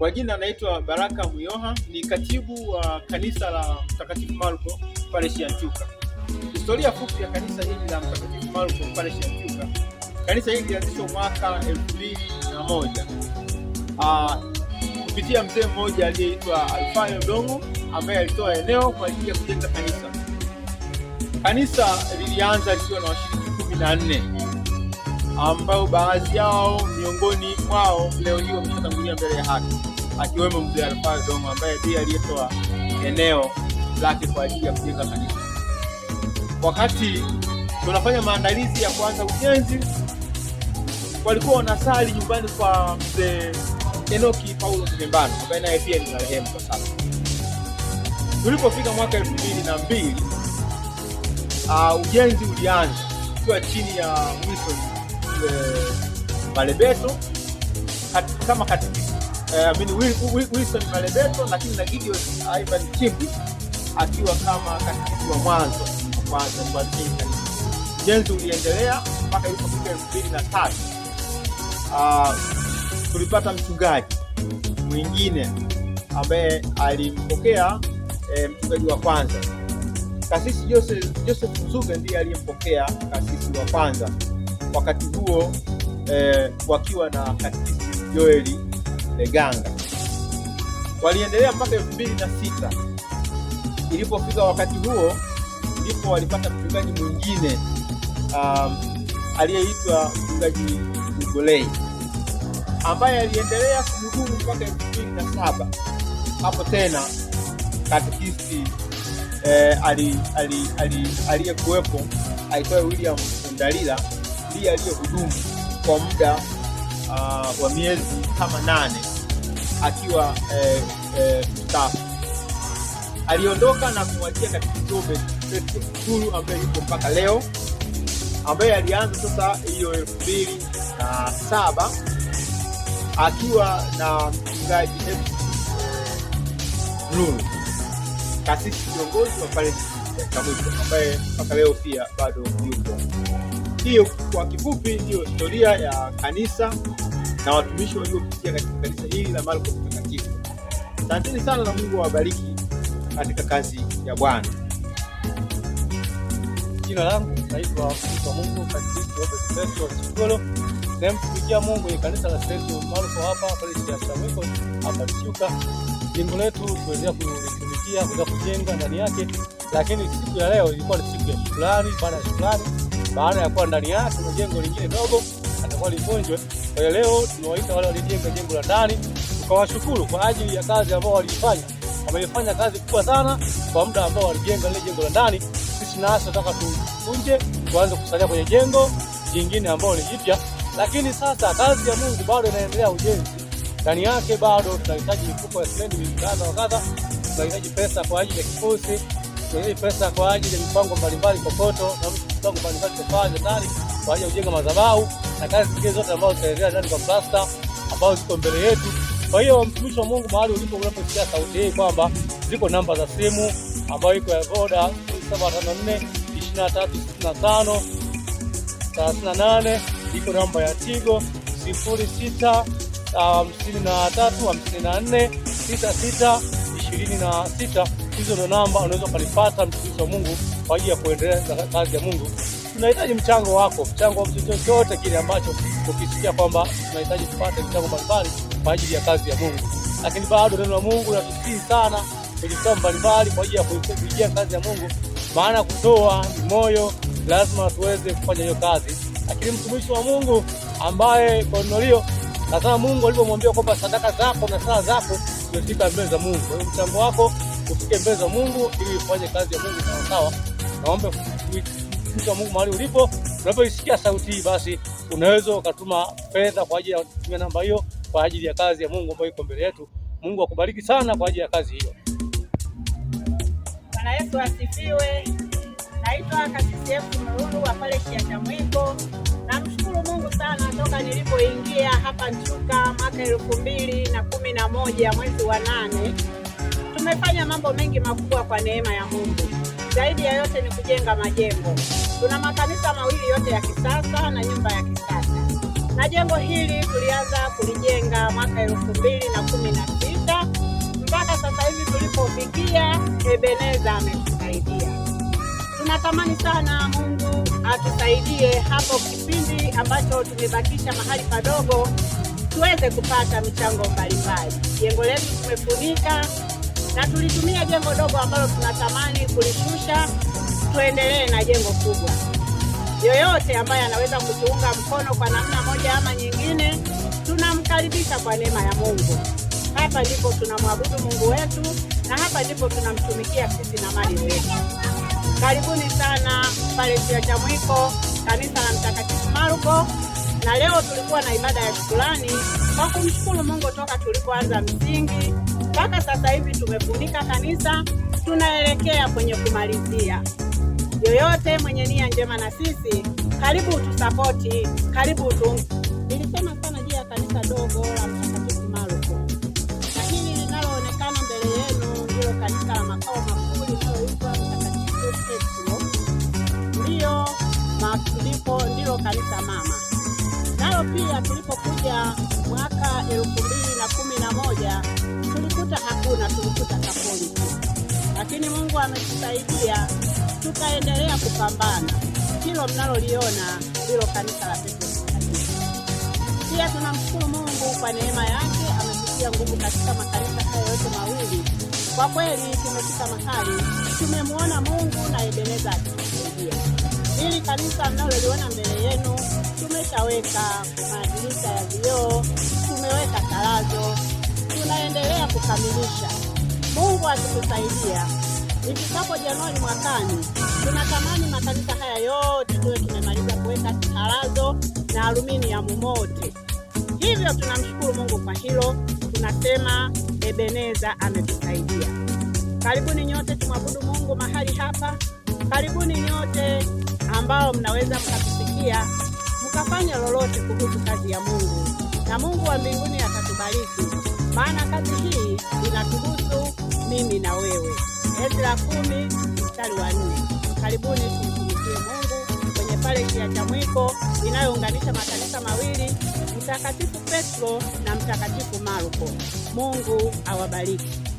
Kwa jina anaitwa Baraka Muyoha, ni katibu wa kanisa la Mtakatifu Marko Parish ya Historia fupi ya kanisa hili la Mtakatifu Marko Parish ya Kanisa hili lilianzishwa mwaka 2001 ah, kupitia mzee mmoja aliyeitwa Alfayo Dongo ambaye alitoa eneo kwa ajili ya kujenga kanisa. Kanisa lilianza likiwa na washiriki kumi na nne ambao baadhi yao miongoni mwao leo hii wameshatangulia mbele ya haki, akiwemo mzee Alfaa Zongo ambaye ndiye aliyetoa eneo lake kwa ajili ya kujenga kanisa. Wakati tunafanya maandalizi ya kuanza ujenzi, walikuwa wanasali nyumbani kwa mzee Enoki Paulo Kimbano ambaye naye pia ni marehemu kwa sasa. Tulipofika mwaka elfu mbili na mbili ah, ujenzi ulianza ukiwa chini ya Wilson Eh, Malebeto kama katikati eh, Wilson Malebeto, lakini na Gideon Ivan Chimbi akiwa kama katikati wa mwanzo kwanza. Ujenzi uliendelea mpaka ilipofika elfu mbili na tatu ah, tulipata mchungaji mwingine ambaye alimpokea e, mchungaji wa kwanza kasisi Joseph Joseph Mzube ndiye aliyempokea kasisi wa kwanza wakati huo eh, wakiwa na katekista Joel Leganga. Waliendelea mpaka elfu mbili na sita ilipofika wakati huo ndipo walipata mchungaji mwingine um, aliyeitwa mchungaji Ugolei ambaye aliendelea kumhudumu mpaka elfu mbili na saba hapo tena katikisi eh, aliyekuwepo ali, ali, ali, aitwaye William Undalila familia aliyohudumu kwa muda uh, wa miezi kama nane akiwa eh, eh, Aliondoka na kumwachia katibu Joseph Suluhu ambaye yuko mpaka leo, ambaye alianza sasa hiyo elfu mbili na saba akiwa na mchungaji Lulu kasisi kiongozi wa pale Chamwino ambaye mpaka leo pia bado yuko hiyo kwa kifupi ndiyo historia ya kanisa na watumishi waliopitia katika kanisa hili la Marko Mtakatifu. Asanteni sana na Mungu awabariki katika kazi ya Bwana. Jina langu naitwa wa Mungu Katikolo sehemu kupitia Mungu ni kanisa la St. Marko hapa pale Samwiko hapa Chuka. Jengo letu kuendelea kutumikia kuweza kujenga ndani yake, lakini siku ya leo ilikuwa ni siku ya shukrani, baada ya shukrani baada ya kuwa ndani yake na jengo lingine dogo atakuwa livunjwe. Kwa hiyo leo tumewaita wale walijenga jengo la ndani, tukawashukuru kwa ajili ya kazi ambao waliifanya. Wameifanya kazi kubwa sana kwa muda ambao walijenga lile jengo la ndani. Sisi nasi tunataka tuvunje, tuanze kusalia kwenye jengo jingine ambao ni jipya, lakini sasa kazi ya Mungu bado inaendelea, ujenzi ndani yake bado tunahitaji mifuko ya simenti mingi kadha wa kadha, tunahitaji pesa kwa ajili ya kikosi hii pesa kwa ajili ya mipango mbalimbali kokoto na mipango mbalimbali tofauti ndani kwa ajili ya kujenga madhabahu na kazi zingine zote ambazo zitaendelea ndani kwa plasta ambazo ziko mbele yetu. Kwa hiyo mtumishi wa Mungu, mahali ulipo, unaposikia sauti hii kwamba ziko namba za simu ambayo iko ya Voda 754 iko namba ya Tigo 06 53 54 hizo ndo namba unaweza ukanipata, mtumishi wa Mungu, kwa ajili ya kuendeleza kazi ya Mungu. Tunahitaji mchango wako, mchango wa mtu chochote kile ambacho ukisikia kwamba tunahitaji kupata mchango mbalimbali kwa ajili ya kazi ya Mungu. Lakini bado neno la Mungu linatusihi sana kwenye vitabu mbalimbali kwa ajili ya kuifikia kazi ya Mungu, maana kutoa ni moyo, lazima tuweze kufanya hiyo kazi. Lakini mtumishi wa Mungu ambaye kwa Kornelio na kama Mungu alivyomwambia kwamba sadaka zako na sala zako zimefika mbele za Mungu. Kwa hiyo mchango wako ufike mbele za Mungu ili ufanye kazi ya Mungu Naomba Naombe kumtumikia Mungu mahali ulipo. Unapoisikia sauti hii, basi unaweza ukatuma fedha kwa ajili ya kutumia namba hiyo kwa ajili ya kazi ya Mungu ambayo iko mbele yetu. Mungu akubariki sana kwa ajili ya kazi hiyo. Bwana Yesu asifiwe. Naitwa Kasisi Yesu wa pale Kiatamwiko. Namshukuru Mungu sana toka nilipoingia hapa Nchuka mwaka elfu mbili na kumi na moja mwezi wa nane Tumefanya mambo mengi makubwa kwa neema ya Mungu. Zaidi ya yote ni kujenga majengo. Tuna makanisa mawili yote ya kisasa na nyumba ya kisasa, na jengo hili tulianza kulijenga mwaka elfu mbili na kumi na sita mpaka sasa hivi tulipofikia. Ebeneza ametusaidia. Tunatamani sana Mungu atusaidie hapo kipindi ambacho tumebakisha mahali padogo tuweze kupata michango mbalimbali. Jengo letu tumefunika na tulitumia jengo dogo ambalo tunatamani kulishusha, tuendelee na jengo kubwa. Yoyote ambaye anaweza kutuunga mkono kwa namna moja ama nyingine, tunamkaribisha kwa neema ya Mungu. Hapa ndipo tunamwabudu Mungu wetu na hapa ndipo tunamtumikia sisi na mali zetu. Karibuni sana pale ya Chamwiko, kanisa la Mtakatifu Marko, na leo tulikuwa na ibada ya shukrani kwa kumshukuru Mungu toka tulipoanza msingi mpaka sasa hivi tumefunika kanisa, tunaelekea kwenye kumalizia. Yoyote mwenye nia njema na sisi, karibu utusapoti, karibu utu. Nilisema sana juu ya kanisa dogo la Mtakatifu Marko, lakini linaloonekana mbele yenu ndilo kanisa la makao makuu linaloitwa ndiyo ndipo ndilo kanisa mama. Nalo pia tulipokuja mwaka elfu mbili Mungu na tulikuta kaponi, lakini Mungu ametusaidia tukaendelea kupambana. Hilo mnaloliona hilo kanisa la Petro Pia tunamshukuru Mungu kwa neema yake, ametutia nguvu katika makanisa hayo yote mawili. Kwa kweli tumefika mahali tumemwona Mungu na Ebeneza akitusaidia. Hili kanisa mnaloliona mbele yenu tumeshaweka madirisha ya vioo tutakamilisha, Mungu akitusaidia. Ifikapo Januari mwakani, tunatamani makanisa haya yote tuwe tumemaliza kuweka tarazo na aluminiamu mote. Hivyo tunamshukuru Mungu kwa hilo, tunasema Ebeneza ametusaidia. Karibuni nyote tumwabudu Mungu mahali hapa. Karibuni nyote ambao mnaweza mkatusikia, mkafanya lolote kuhusu kazi ya Mungu, na Mungu wa mbinguni atatubariki, maana kazi hii inatuhusu mimi na wewe. Ezra kumi mstari wa nne. Karibuni tumtumikie Mungu kwenye pale ya Chamwiko inayounganisha makanisa mawili Mtakatifu Petro na Mtakatifu Marko. Mungu awabariki.